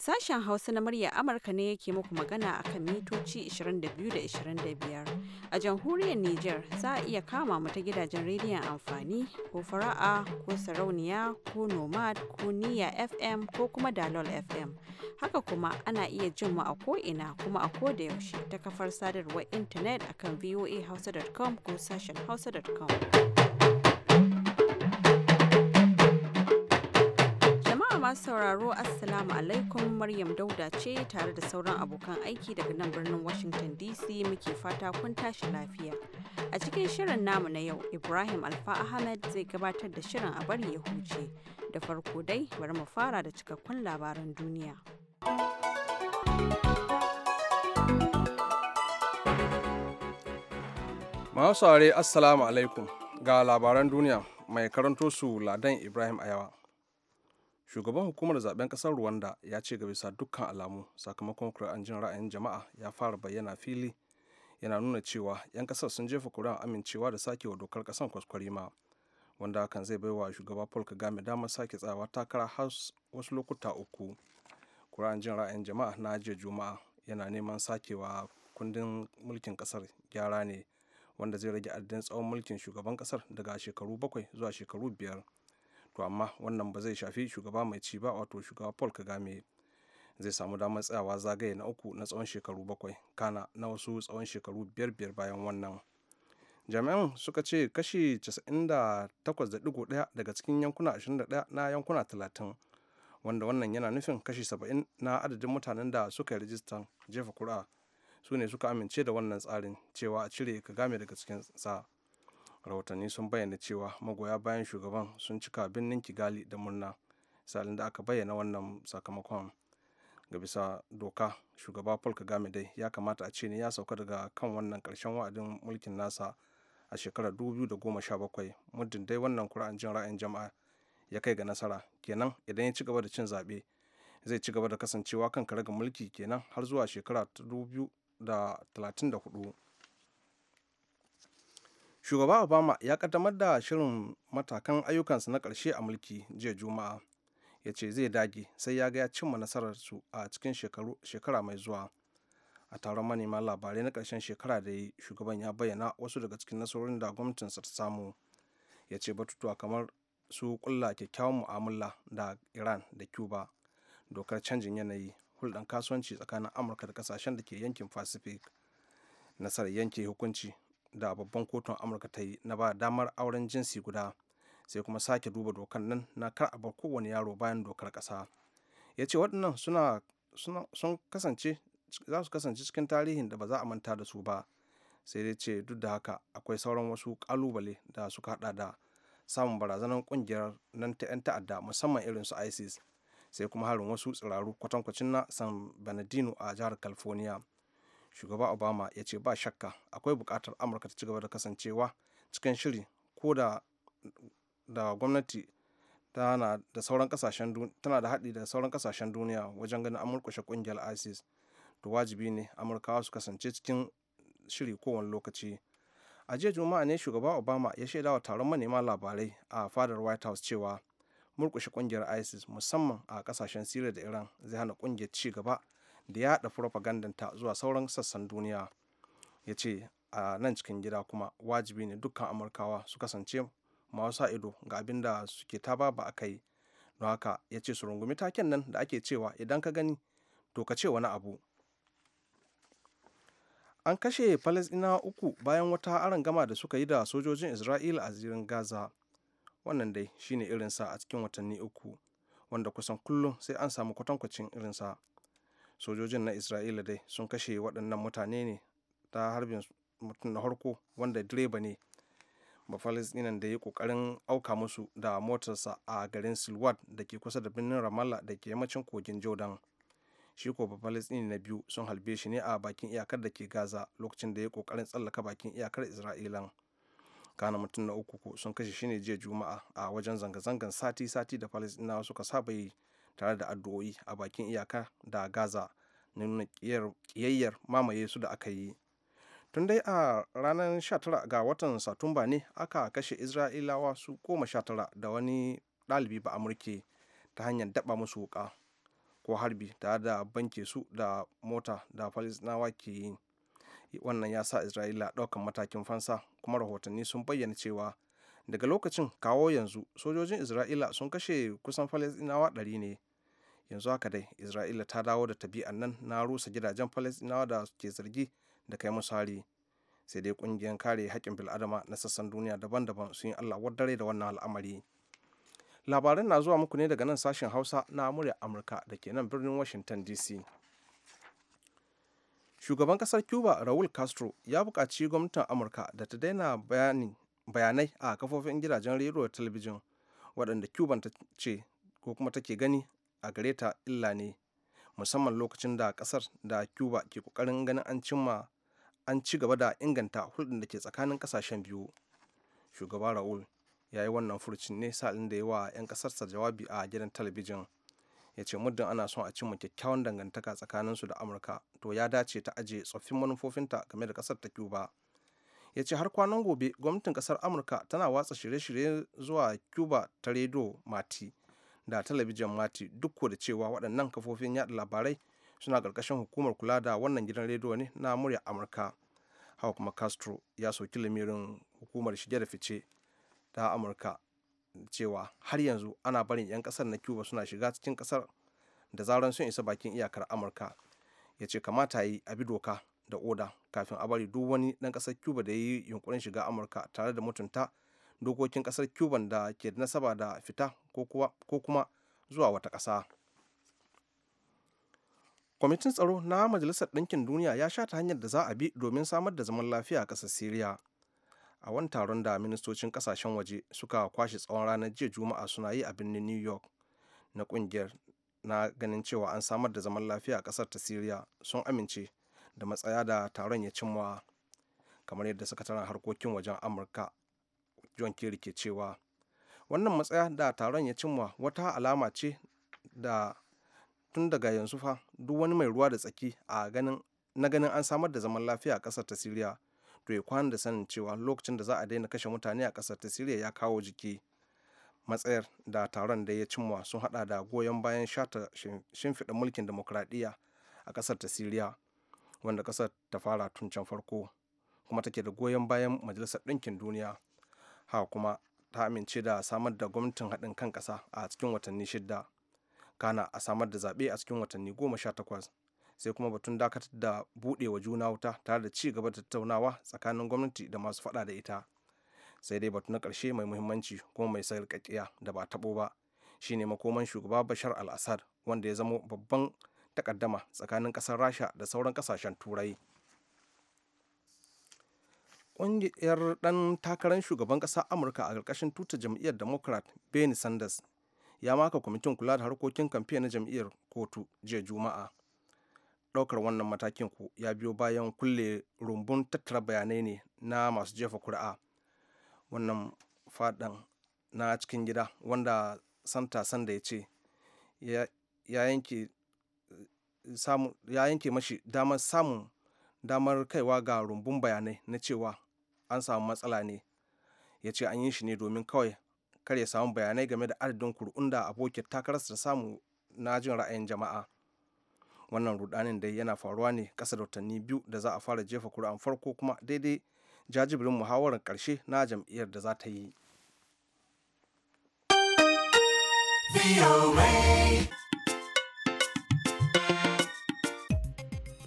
Sashen Hausa na murya Amurka ne yake muku magana a kan mitoci 22 25. A jamhuriyar Nijar za a iya kama mu ta gidajen rediyon amfani ko fara'a ko sarauniya ko nomad ko niya FM ko kuma dalol FM. Haka kuma ana iya jin mu a ko'ina kuma a ko da yaushe ta kafar sadarwar intanet akan voahausa.com ko sashen hausa.com. sauraro Assalamu alaikum Maryam Dauda ce tare da sauran abokan aiki daga nan birnin Washington DC muke fata kun tashi lafiya. A cikin shirin namu na yau, Ibrahim Alfa Ahmed zai gabatar da shirin a bari ya huce. Da farko dai, bari mu fara da cikakkun labaran duniya. Masu saurare Assalamu alaikum ga labaran duniya mai karanto su Ladan Ibrahim Ayawa. shugaban hukumar zaben kasar rwanda ya ce ga bisa dukkan alamu sakamakon kuri'an jin ra'ayin jama'a ya fara bayyana fili yana nuna cewa 'yan kasar sun jefa kuri'an amincewa da sakewa dokar kwaskwari ma wanda hakan zai baiwa shugaba paul kagame damar sake tsayawa takara har wasu lokuta uku kuri'an jin ra'ayin jama'a na jiya juma'a yana neman sakewa kundin mulkin kasar gyara ne wanda zai rage adadin tsawon mulkin shugaban kasar daga shekaru bakwai zuwa shekaru biyar to amma wannan ba zai shafi shugaba mai ci ba wato shugaba paul kagame zai samu damar tsayawa zagaye na uku na tsawon shekaru bakwai kana na wasu tsawon shekaru biyar biyar bayan wannan jami'an suka ce kashi 98.1 daga cikin yankuna 21 na yankuna 30 wanda wannan yana nufin kashi 70 na adadin mutanen da suka yi rajistan jefa kura su ne suka amince da wannan tsarin cewa a cire kagame daga cikin sa rahotanni sun bayyana cewa magoya bayan shugaban sun cika birnin kigali da murna salin da aka bayyana wannan sakamakon ga bisa doka shugaba paul kagame dai ya kamata a ce ne ya sauka daga kan wannan karshen wa'adin mulkin nasa a shekarar 2017 muddin dai wannan kura'an jin ra'ayin jama'a ya kai ga nasara kenan idan ya ci gaba da cin zaɓe zai ci gaba da kasancewa kan kare ga mulki kenan har zuwa shekara da 2034 shugaba obama ya kaddamar da shirin matakan ayyukansa na karshe a mulki jiya juma'a ya ce zai dage sai ya ga ya cimma nasararsu a cikin shekara mai zuwa a taron manema labarai na ƙarshen shekara da yi shugaban ya bayyana wasu daga cikin nasarorin da gwamnatinsa ta samu ya ce batutuwa kamar su kulla kyakkyawan mu'amala da iran da cuba dokar canjin yanayi hulɗan kasuwanci tsakanin amurka da ƙasashen da ke yankin pacific nasarar yanke hukunci da babban kotun amurka ta yi na ba damar auren jinsi guda sai kuma sake duba dokar nan na kar a bar kowane yaro bayan dokar ƙasa ya ce waɗannan suna sun kasance za su kasance cikin tarihin da ba za a manta da su ba sai dai ce duk da haka akwai sauran wasu kalubale da suka hada da samun barazanar kungiyar nan ta 'yan ta'adda musamman irin su isis sai kuma harin wasu tsiraru kwatankwacin na san benedino a jihar california shugaba obama ya ce ba shakka akwai bukatar amurka ta ci gaba da kasancewa cikin shiri ko da da gwamnati tana da sauran da haɗi da sauran kasashen duniya wajen ganin amurkushe ƙungiyar isis to wajibi ne amurkawa su kasance cikin shiri kowane lokaci a jiya juma'a ne shugaba obama ya shaidawa taron manema labarai a fadar white house cewa murkushe ƙungiyar isis musamman a kasashen syria da iran zai hana ƙungiyar ci gaba da yaɗa ta zuwa sauran sassan duniya ya ce a nan cikin gida kuma wajibi ne dukkan amurkawa su kasance masu sa ido ga abin da suke ta ba aka yi don haka ya ce su rungumi taken nan da ake cewa idan ka gani to ka ce wani abu an kashe falasɗinawa uku bayan wata aron gama da suka yi da sojojin isra'ila a zirin gaza wannan dai shine irinsa a cikin watanni uku wanda kusan kullum sai an samu kwatankwacin irinsa sojojin na isra'ila dai sun kashe waɗannan mutane ne ta harbin mutum na harko wanda direba ne ba falisdinan da ya ƙoƙarin auka musu da motarsa a garin silwad da ke kusa da birnin ramallah da ke yammacin kogin jordan shi ko ba bafalistinin na biyu sun halbe shi ne a bakin iyakar da ke gaza lokacin da ya ƙoƙarin tsallaka bakin iyakar isra'ilan kana mutum na uku sun kashe shi ne jiya juma'a a wajen zanga-zangan sati-sati da palestinawa suka saba yi tare da addu'o'i a bakin iyaka da gaza na nuna kiyayyar mamaye su da aka yi tun dai a ranar 19 ga watan satumba ne aka kashe isra'ilawa su koma sha da wani ɗalibi ba amurke ta hanyar daɓa musu wuƙa ko harbi tare da banke su da mota da falisnawa ke yi wannan ya sa isra'ila ɗaukan matakin fansa kuma rahotanni sun bayyana cewa daga lokacin kawo yanzu sojojin isra'ila sun kashe kusan falasɗinawa ɗari ne yanzu haka dai isra'ila ta dawo da tabi'an nan na rusa gidajen falasɗinawa da ke zargi da kai musu hari sai dai kungiyar kare haƙƙin bil'adama na sassan duniya daban-daban sun yi allah wadare da wannan al'amari labaran na zuwa muku ne daga nan sashen hausa na murya amurka da ke nan birnin washington dc shugaban kasar cuba raul castro ya buƙaci gwamnatin amurka da ta daina bayani bayanai a kafofin gidajen rediyo da talabijin waɗanda cuban ta ce ko kuma take gani a gare ta illa ne musamman lokacin da kasar da cuba ke ƙoƙarin ganin an cimma an ci gaba da inganta hulɗin da ke tsakanin kasashen biyu shugaba raul ya yi wannan furucin ne sa'ilin da ya wa 'yan ƙasarsa jawabi a gidan talabijin ya ce muddin ana son a cimma kyakkyawan dangantaka tsakaninsu da amurka to ya dace ta aje tsoffin manufofinta game da ƙasar ta cuba ya ce har kwanan gobe gwamnatin kasar amurka tana watsa shirye-shirye zuwa cuba ta rediyo mati da talabijin mati duk da cewa waɗannan kafofin yaɗa labarai suna ƙarƙashin hukumar kula da wannan gidan rediyo ne na murya amurka hawa kuma castro ya soki lamirin hukumar shige da fice ta amurka cewa har yanzu ana barin 'yan ƙasar na cuba suna shiga cikin ƙasar da zaran sun isa bakin iyakar amurka ya ce kamata yi a bi doka da oda kafin a bari duk wani ɗan ƙasar cuba da ya yi yunkurin shiga amurka tare da mutunta dokokin ƙasar cuba da ke da nasaba da fita ko kuma zuwa wata ƙasa kwamitin tsaro na majalisar ɗinkin duniya ya sha ta hanyar da za a bi domin samar da zaman lafiya a ƙasar siriya a wani taron da ministocin ƙasashen waje suka kwashe tsawon ranar jiya juma'a suna yi a birnin new york na ƙungiyar na ganin cewa an samar da zaman lafiya a ƙasar ta siriya sun amince da matsaya da taron ya cimma kamar yadda sakataren harkokin wajen amurka john kerry ke cewa wannan matsaya da taron ya cimma wata alama ce da tun daga yanzu fa duk wani mai ruwa da tsaki a ganin na ganin an samar da zaman lafiya a ƙasar ta siriya to ya kwana da sanin cewa lokacin da za a daina kashe mutane a ƙasar ta siriya ya kawo jiki matsayar da taron da ya cimma sun hada da goyon bayan shata shimfiɗa mulkin demokradiyya a ƙasar ta siriya wanda kasar ta fara tun can farko kuma take da goyon bayan majalisar ɗinkin duniya ha kuma ta amince da samar da gwamnatin haɗin kan ƙasa a cikin watanni shidda kana a samar da zaɓe a cikin watanni goma sha takwas sai kuma batun dakatar da buɗewa juna wuta tare da ci gaba da tattaunawa tsakanin gwamnati da masu faɗa da ita sai dai batu na ƙarshe mai muhimmanci kuma mai sarƙaƙiya da ba taɓo ba shine makoman shugaba bashar al-assad wanda ya zama babban takaddama tsakanin kasar rasha da sauran kasashen turai ƙungiyar ɗan takarar shugaban ƙasar amurka a ƙarƙashin tuta jam'iyyar democrat bernie sanders ya maka kwamitin kula da harkokin kamfe na jam'iyyar kotu jiya juma'a ɗaukar wannan matakin ku ya biyo bayan kulle rumbun tattara bayanai ne na masu jefa kuri'a wannan faɗan na cikin gida wanda santa sanda ya ce ya yanke ya yanke mashi damar samun damar kaiwa ga rumbun bayanai na cewa an samu matsala ne ya ce an yi shi ne domin kawai kar ya samu bayanai game da adadin kur'un da abokin takararsa da samu na jin ra'ayin jama'a wannan rudanin dai yana faruwa ne kasa da watanni biyu da za a fara jefa kuri'an farko kuma daidai jajibirin muhawarar karshe na jam'iyyar da za ta yi.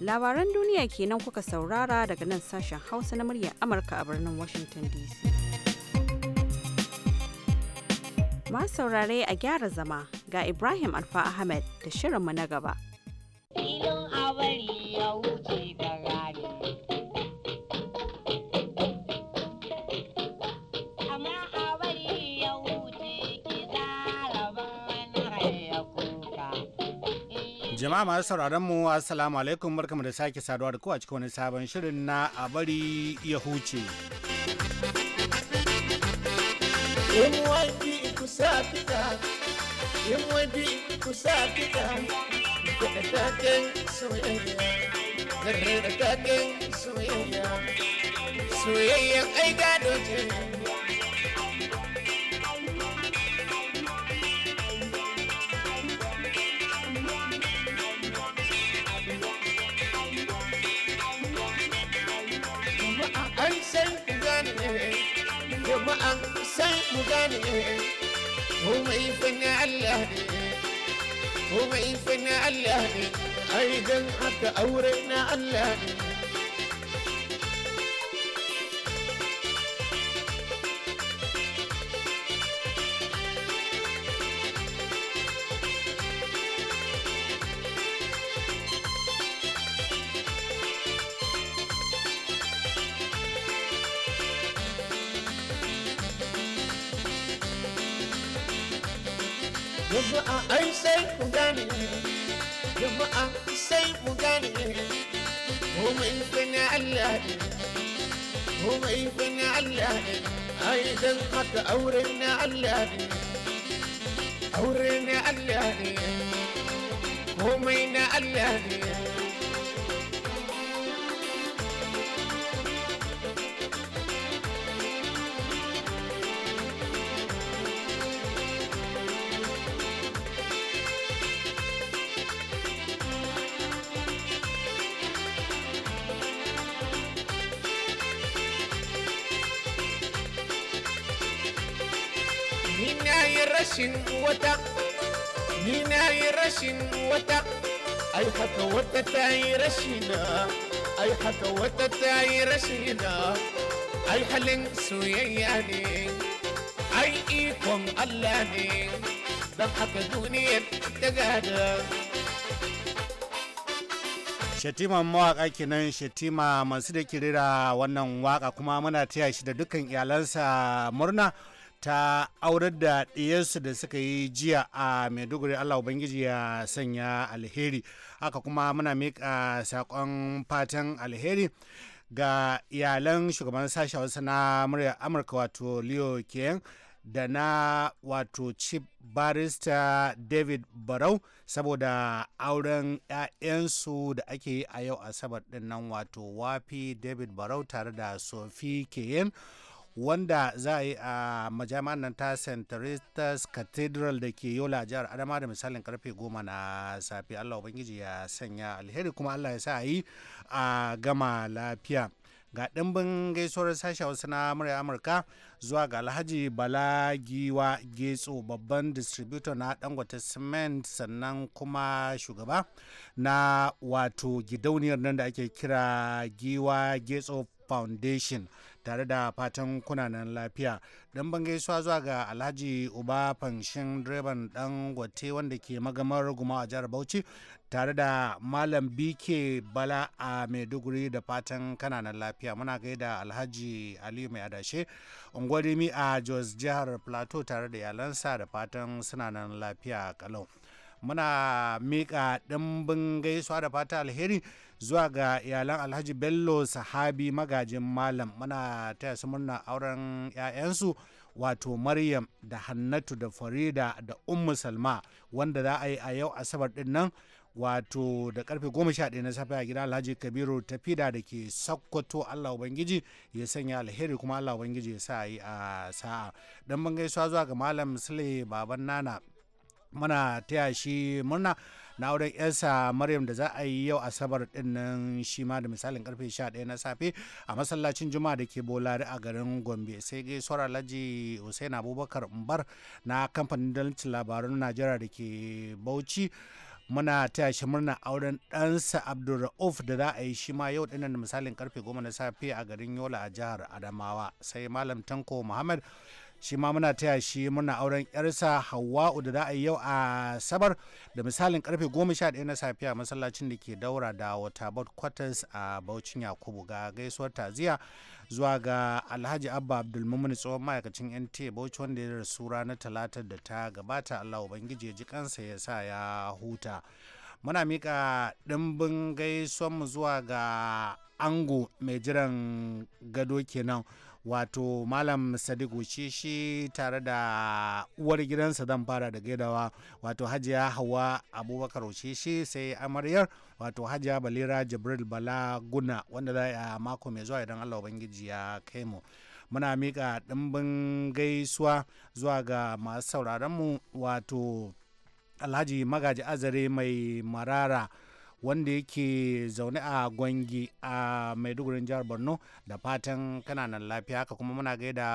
Labaran duniya kenan kuka saurara daga nan sashen Hausa na muryar Amurka a birnin Washington DC. Masu saurare a gyara zama ga Ibrahim Alfa Ahmed da shirinmu na gaba. Jama'a masu sauraron mu assalamu alaikum barkamu da sake saduwa da ku a cikin wani sabon shirin na a bari ya huce. In wadi ku sa fita, in wadi ku sa fita, da soyayya soyayya, da taken soyayya, soyayyan ai gado jama'a sai mu gane komai fa na Allah ne komai fa na Allah ne ai dan haka aure na Allah ne حق علاني rashin wata ni na yi rashin wata ai haka wata ta yi rashina ai haka wata ta yi rashina ai halin soyayya ne ai ikon Allah ne don haka duniyar ta gada shatima mawaƙa kenan shatima masu da kirira wannan waƙa kuma muna taya shi da dukkan iyalansa murna ta aurar da ɗiyarsu da suka yi jiya a maiduguri allah ubangiji ya sanya alheri haka kuma muna miƙa saƙon fatan alheri ga iyalan shugaban sashen wasu na murya amurka wato leo keng da na wato chief barista david barau saboda auren 'ya'yansu da ake yi a yau asabar ɗin nan wato wafi david barau tare da sophie keyen wanda za a yi a majami'an nan ta st teresa's cathedral da ke yola jihar adama da misalin karfe goma na safe allah ubangiji ya sanya alheri kuma allah ya sa a yi a gama lafiya ga ɗimbin gaisuwar sashen wasu na murya amurka zuwa ga alhaji bala giwa getso babban distributor na dangote cement sannan kuma shugaba na wato gidauniyar nan da ake kira giwa getso foundation tare da fatan kunanan lafiya don ban gaisuwa zuwa ga alhaji uba fanshin direban dan gwate wanda ke magamar guma a jihar bauchi tare da malam bk bala a maiduguri da fatan kananan lafiya muna gaida alhaji aliyu mai adashe ungwadimi a jos jihar plateau tare da iyalansa da fatan suna lafiya kalau muna miƙa ɗimbin gaisuwa da fata alheri zuwa ga iyalan alhaji bello sahabi magajin malam muna taya su murna auren 'ya'yansu wato maryam da hannatu da farida da ummu salma wanda za a yi a yau asabar din nan wato da karfe 11 na safe a gida alhaji kabiru tafida da ke sakkwato allah ubangiji ya sanya alheri kuma allah ubangiji ya sa yi a sa'a dan ban gaisuwa zuwa ga malam sule baban nana muna taya shi murna na auren yarsa maryam da za a yi yau asabar din nan shi ma da misalin karfe 11 na safe a masallacin juma'a da ke bolari a garin gombe sai gaisuwar alhaji hussein abubakar umbar na kamfanin dalancin labarun najeriya da ke bauchi muna taya shi murna auren ɗansa abdulra'uf da za a yi shi ma yau ɗinan misalin karfe goma na safe a garin yola a jihar adamawa sai malam tanko muhammad shi ma muna taya shi muna auren yarsa hawa'u da za a yi yau a sabar da misalin karfe 11 na safiya masallacin da ke daura da wata quarters a baucin yakubu ga gaisuwar taziya zuwa ga alhaji abba abdulmumin tsohon ma'aikacin nt bauchi wanda ya rasu ranar talata da ta gabata allah ubangiji ya ji kansa ya sa ya huta muna mika dimbin gaisuwanmu zuwa ga ango mai jiran gado kenan wato malam sadiq wuce shi tare da uwar gidansa zan fara da gaidawa wato hajiya hawa abubakar wuce shi sai amaryar wato hajiya balira jibril bala guna wanda za a mako mai zuwa idan allah ubangiji ya kai mu muna miƙa ɗimbin gaisuwa zuwa ga masu sauraronmu wato alhaji magaji azare mai marara wanda yake zaune a gwangi a maiduguri jihar borno da fatan kananan lafiya haka kuma muna gaida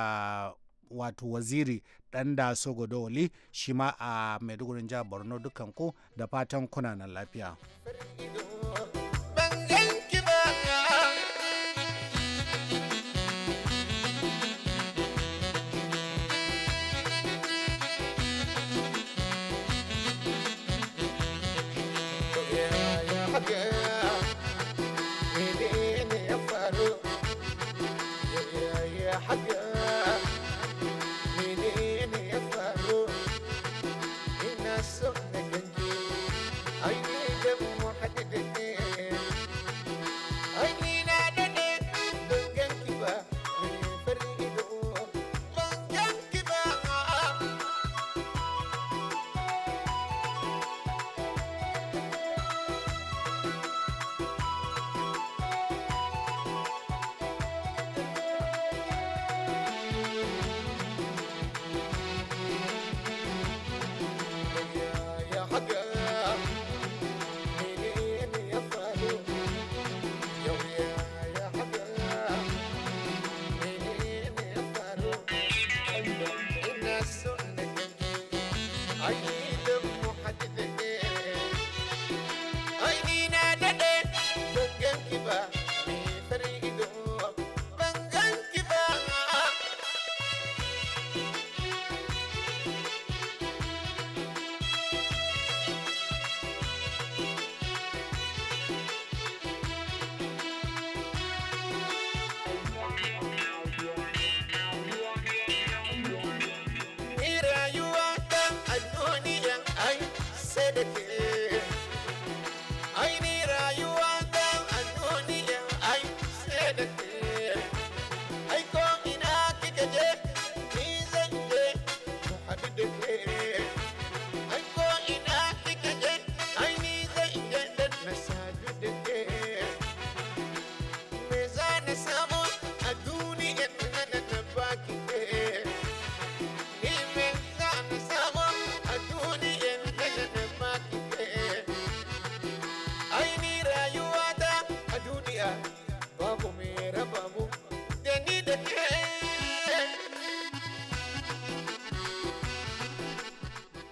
wato waziri dan da wali shi ma a maiduguri jihar borno dukkan ku da fatan kunanan lafiya. Baby, more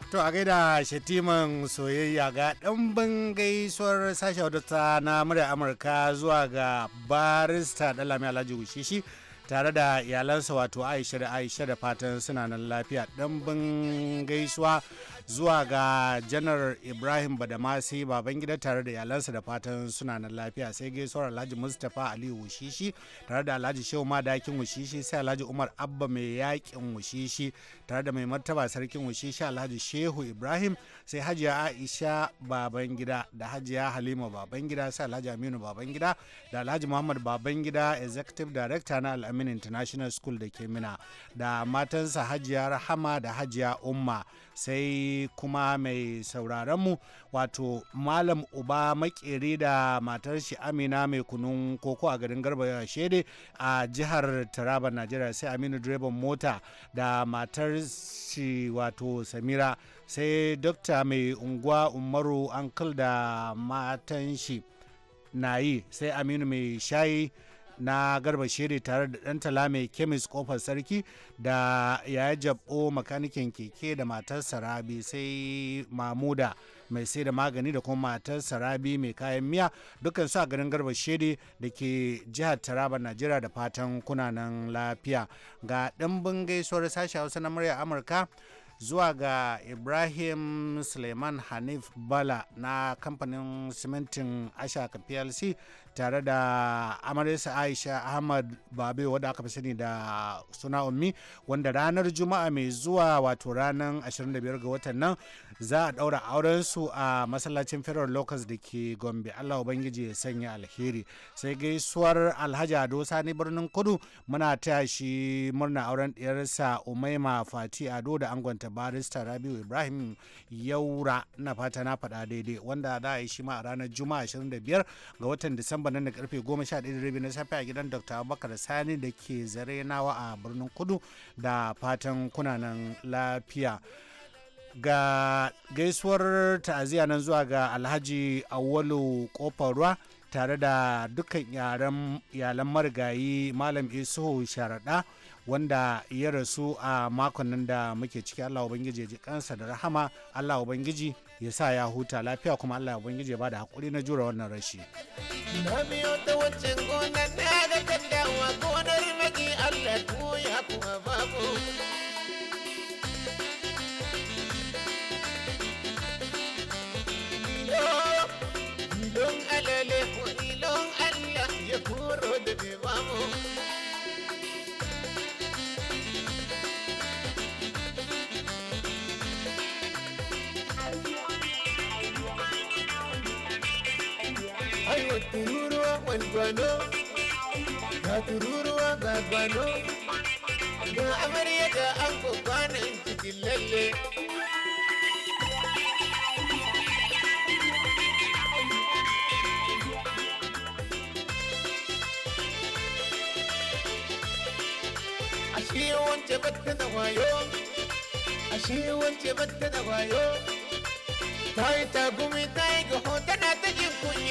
to a gaida shatiman soyayya ga ɗanbin gaisuwar sashe wadata na murya amurka zuwa ga barista dalami alhaji gushishi tare da iyalansa wato aisha da aisha da fatan suna nan lafiya ɗan gaisuwa zuwa ga janar ibrahim badamasi babangida tare da iyalansa da fatan suna nan lafiya sai gaisuwar alhaji mustapha aliyu wushishi tare da alhaji shehu madakin wushishi sai alhaji umar abba mai yakin wushishi tare da mai martaba sarkin wushishi alhaji shehu ibrahim sai hajiya aisha babangida da hajiya halima babangida sai alhaji aminu babangida da alhaji muhammad babangida executive director na al'amin international school da ke mina da matansa hajiya rahama da hajiya umma sai kuma mai sauraronmu wato malam uba makere da matar shi amina mai kunun koko a garin garba shede a jihar taraba najeriya sai aminu direban mota da matar shi wato samira sai dokta mai unguwa umaru ankal da matan shi na yi sai aminu mai shayi na garba shiri tare da ɗan tala mai kemis kofar sarki da ya jabo makanikin keke da matarsa rabi sai mamuda mai sai da magani da kuma matar sarabi mai kayan miya dukkan su a garin garba shede da ke jihar taraba najeriya da fatan kunanan lafiya ga ɗimbin gaisuwar sashi hausa na murya amurka zuwa ga ibrahim suleiman hanif bala na kamfanin simintin ashaka plc tare da amaryarsa aisha ahmad babe wadda aka fi sani da suna ummi wanda ranar juma'a mai zuwa wato ranar 25 ga watan nan za a daura aurensu a masallacin federal locals da ke gombe allah ubangiji ya sanya alheri sai gaisuwar alhaji ado sani birnin kudu muna taya shi murna auren ɗiyarsa umaima fati ado da angonta barista rabiu ibrahim yaura na fata na faɗa daidai wanda za a yi shi ma a ranar juma'a 25 ga watan disamba Nuwamba nan da karfe 11:30 na safe a gidan Dr. Abubakar Sani da ke nawa a birnin Kudu da fatan kunanan lafiya. Ga gaisuwar ta'aziyya nan zuwa ga Alhaji Awwalu kofarwa tare da dukkan iyalan marigayi Malam Isuhu Sharaɗa wanda ya rasu a makon nan da muke ciki Allah Ubangiji ya ji kansa da rahama Allah Ubangiji ya sa ya huta lafiya kuma Allah ya ubangiji ya bada hakuri na jura wannan rashi na biyo ta wacce gona na ga kan dawa gonar maki Allah ko ya kuma babu البنو ga tururuwa ga gwano ga amarya ga an kwanan cikin lalle ashe wance batta da wayo ashe wance batta da wayo ta yi tagumi ta yi ga hotana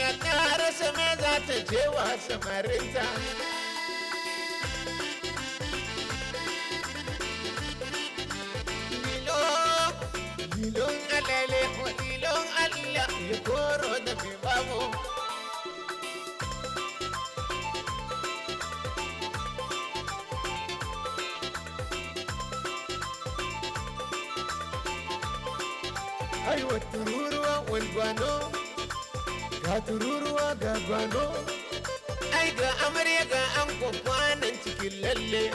yarinya ta rasa ma za ta je wa samarinta Dilon alale wa dilon Allah ya koro da bi babu Ai wa tururuwa wani tururuwa ga gwano ai ga amarya ga an kwanan cikin lalle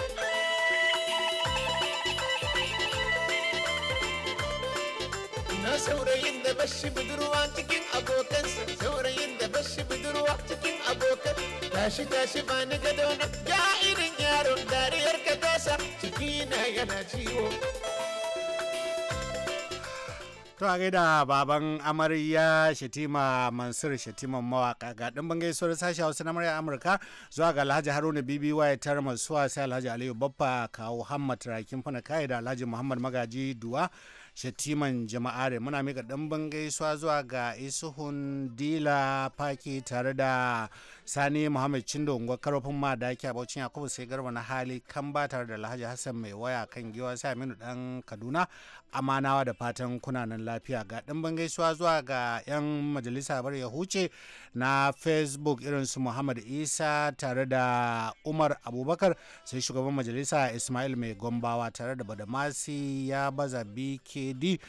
na saurayin da bashi budurwa cikin abokansa saurayin da bashi budurwa cikin abokan tashi tashi ba ni gado na ya irin yaron dariyar ka tasa ciki na yana ciwo To a gaida baban amarya Shatima Mansur Shatima mawaka ga dimbin gaisuwar sashi Hausa na murya Amurka zuwa ga Alhaji Haruna bbw tar masuwa sai Alhaji Aliyu Baffa kawo Hammat Rakin Fana Kai da Alhaji Muhammad Magaji Duwa Shatiman jama'are muna mika dimbin gaisuwa zuwa ga Isuhun Dila Faki tare da sani muhammad cindo unguwar karofin ma da ake abocin yakubu sai garba na hali kan ba tare da alhaji hassan mai waya kan giwa sai aminu dan kaduna amanawa da fatan kuna nan lafiya ga dimbin gaisuwa zuwa ga yan majalisa bar ya huce na facebook irin su muhammad isa tare da umar abubakar sai shugaban majalisa ismail mai gombawa tare da badamasi ya baza bkd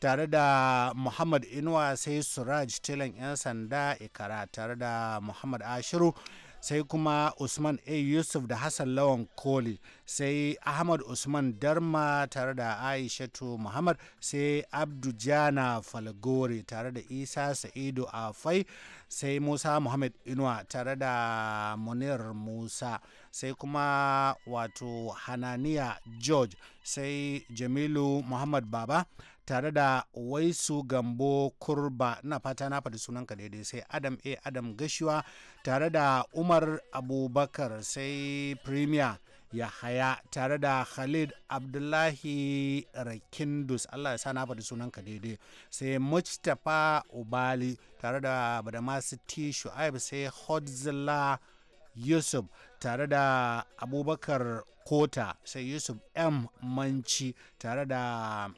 tare da muhammad inuwa sai suraj tilan 'yan sanda ikara tare da muhammad ashiru sai kuma usman a yusuf da hassan lawan koli sai ahmad usman darma tare da aishatu muhammad sai abdujana falgore tare da isa sa'idu afai sai musa muhammad inuwa tare da munir musa sai kuma wato hananiya george sai jamilu muhammad baba tare da waisu gambo kurba na fata na faɗi sunanka daidai sai adam a adam gashiwa tare da umar abubakar sai premier haya tare da khalid abdullahi rakindus allah ya sa na faɗi sunanka daidai sai mustapha ubali tare da badamasu t shu'aib sai hodzilla yusuf tare da abubakar kota sai yusuf m manci tare da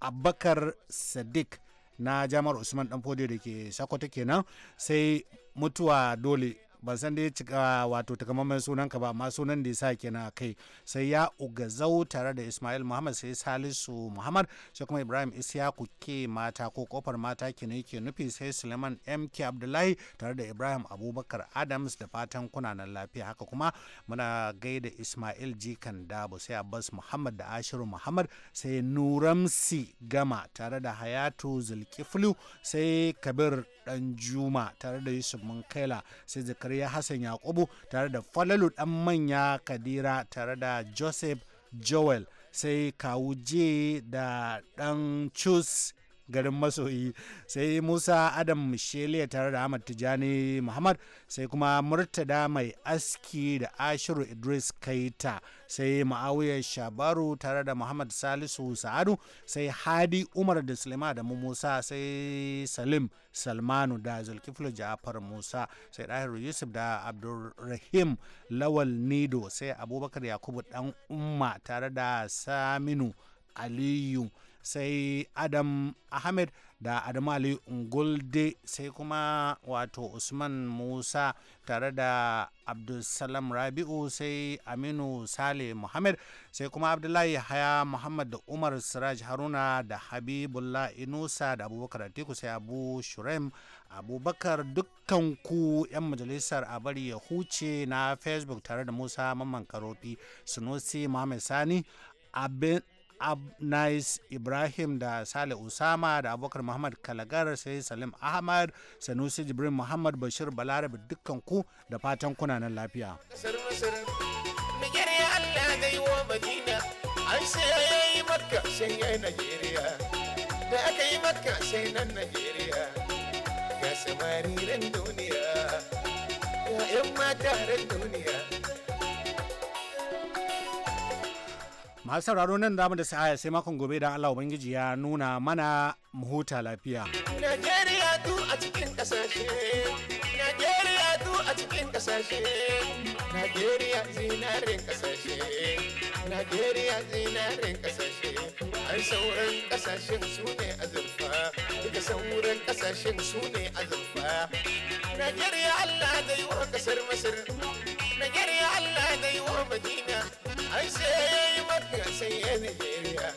abubakar sadiq na jamar usman danfodi da ke sakwato kenan sai mutuwa dole ban san dai cika wato takamaiman sunan ka ba amma sunan da ya sa kenan kai sai ya ugazau tare da Ismail Muhammad sai Salisu Muhammad sai kuma Ibrahim Isyaku ke mata ko kofar mata ne ke nufi sai Suleiman MK Abdullahi tare da Ibrahim Abubakar Adams da fatan kuna nan lafiya haka kuma muna gaida Ismail Jikan Dabo sai Abbas Muhammad da Ashiru Muhammad sai Nuramsi Gama tare da Hayatu Zulkiflu sai Kabir Danjuma tare da Yusuf Munkaila sai Zakari Rariya Hassan Yakubu tare da Falalu dan manya Kadira tare da Joseph Joel sai Kawuje da dan Chus garin masoyi sai musa adam sheliya tare da ahmad tijani muhammad sai kuma murtada mai aski da ashiru idris kaita sai Ma'auya shabaru tare da muhammad salisu sa'adu sai hadi umar da sulema da musa sai salim salmanu da zulkiflu ja'afar musa sai ɗahiru yusuf da abdulrahim lawal nido sai abubakar yakubu dan umma tare da saminu aliyu sai adam ahmed da adam ali ngolde sai kuma wato usman musa tare da abdulsalam rabi'u sai aminu sale muhammad sai kuma abdullahi haya muhammad da umar siraj haruna da habibullah inusa da abubakar atiku sai abu shurem abubakar dukkanku 'yan majalisar a bari ya huce na facebook tare da musa mamman karofi sunusi muhammad sani abin Abnais Ibrahim da Sale Usama da Abubakar Muhammad Kalagar sai Salim Ahmad Sanusi Jibrin Muhammad Bashir Balarabe dukkan ku da fatan kuna nan lafiya. Da aka yi maka sai nan Najeriya ga samariran duniya, ga 'yan mata duniya. masu sauraro nan damu da sa'aya sai makon gobe idan Allah Ubangiji ya nuna mana muhuta lafiya. Najeriya du a cikin kasashe, Najeriya du a cikin kasashe, Najeriya zinarin kasashe, Najeriya zinarin kasashe, ai sauran kasashen su ne azurfa, duka sauran kasashen su ne azurfa. Najeriya Allah da yi wa kasar Masar, Najeriya Allah da yi wa Madina, ai sai makka sai yan Najeriya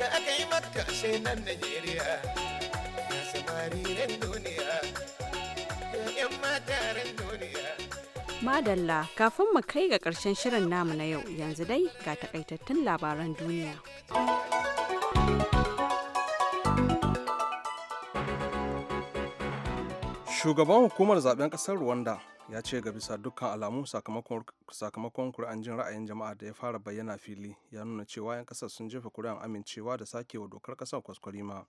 da aka yi makka sai nan Najeriya da samariren duniya da yan mataren duniya. Madalla kafin mu kai ga ƙarshen shirin namu na yau yanzu dai ga takaitattun labaran duniya. Shugaban hukumar zaben ƙasar Rwanda ya ce ga bisa dukkan alamu sakamakon kuri'an jin ra'ayin jama'a da ya fara bayyana fili ya nuna cewa 'yan kasar sun jefa kuri'an amincewa da sake wa dokar kasar kwaskwarima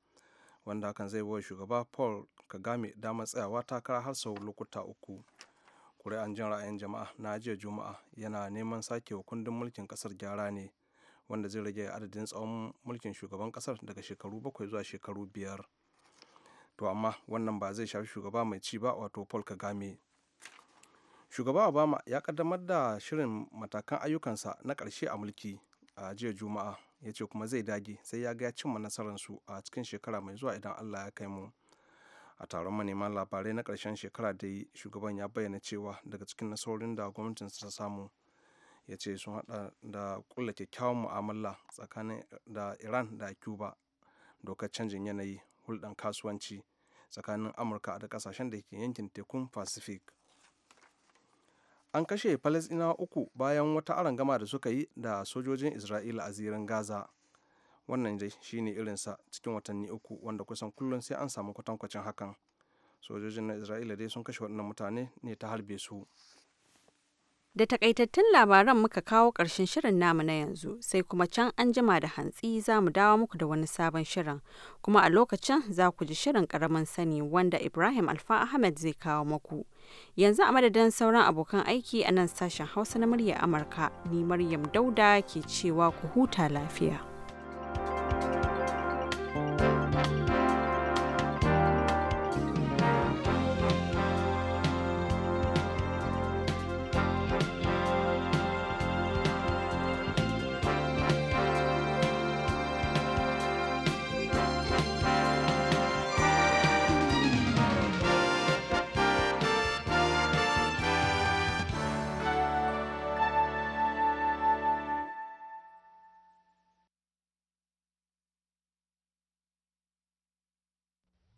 wanda hakan zai wa shugaba paul kagame damar tsayawa takara har sau lokuta uku kuri'an jin ra'ayin jama'a na jiya juma'a yana neman sakewa kundin mulkin kasar gyara ne wanda zai rage adadin tsawon mulkin shugaban kasar daga shekaru bakwai zuwa shekaru biyar to amma wannan ba zai shafi shugaba mai ci ba wato paul kagame shugaba obama ya kaddamar da shirin matakan ayyukansa na ƙarshe a mulki a jiya juma'a ya ce kuma zai dage sai ya ga ya cimma nasararsu a cikin shekara mai zuwa idan allah ya kai mu a taron manema labarai na karshen shekara da yi shugaban ya bayyana cewa daga cikin nasarorin da gwamnatinsa ta samu ya ce sun hada da kulla kyakkyawan mu'amala tsakanin da iran da cuba dokar canjin yanayi hulɗan kasuwanci tsakanin amurka da kasashen da ke yankin tekun pacific an kashe falasɗinawa uku bayan wata arangama da suka yi da sojojin isra'ila a zirin gaza wannan dai shine irinsa cikin watanni uku wanda kusan kullum sai an samu kwatankwacin hakan sojojin na isra'ila dai sun kashe waɗannan mutane ne ta harbe su Da takaitattun labaran muka kawo ƙarshen shirin namu na yanzu, sai kuma can an jima da hantsi za mu dawo muku da wani sabon shirin, kuma a lokacin za ku ji shirin ƙaramin sani wanda Ibrahim Alfa Ahmed zai kawo muku. Yanzu a madadin sauran abokan aiki a nan sashen Hausa na murya Amurka, ni Maryam Dauda ke cewa ku huta lafiya.